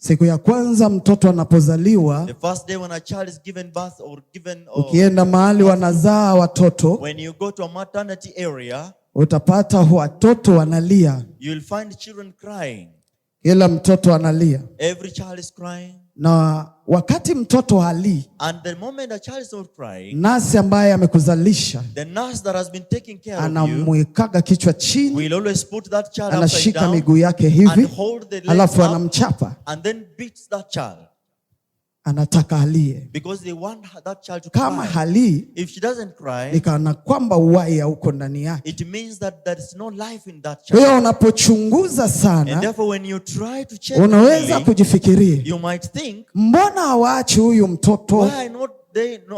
Siku ya kwanza mtoto anapozaliwa, ukienda mahali wanazaa watoto, when you go to a area, utapata watoto wanalia. Kila mtoto analia. Every child is crying. Na wakati mtoto halii, And the moment a child is not crying, nasi ambaye amekuzalisha anamwikaga kichwa chini, we'll always put that child anashika miguu yake hivi, alafu anamchapa. And then beats that child anataka alie. kama Halii If kwamba uwai auko ndani yake. unapochunguza sana, when you try to check unaweza kujifikiria, mbona hawaachi huyu mtoto? Uh,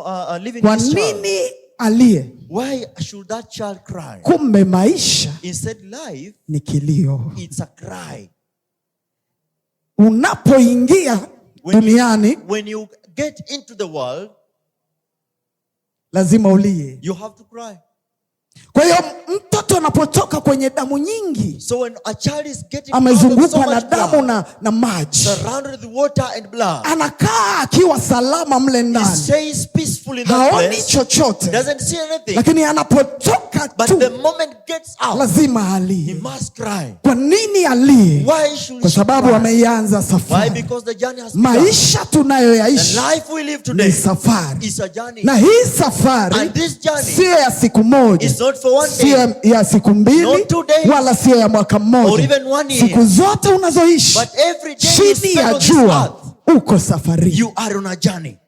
uh, Kwa nini alie? Why should that child cry? Kumbe maisha Instead, life ni kilio. Unapoingia duniani when you get into the world, lazima ulie. You have to cry. Kwa hiyo mtoto anapotoka kwenye damu nyingi, so when a child is getting amezungukwa so na damu na, na maji, surrounded with water and blood, anakaa akiwa salama mle ndani, haoni chochote, lakini anapotoka tu gets out, lazima alie. He must cry. Kwa nini alie? Kwa sababu ameianza safari. Maisha tunayoyaishi ni safari, na hii safari siyo ya siku moja, siyo ya siku mbili, wala sio ya mwaka mmoja. Siku zote unazoishi chini ya jua, uko safari. You are on a journey.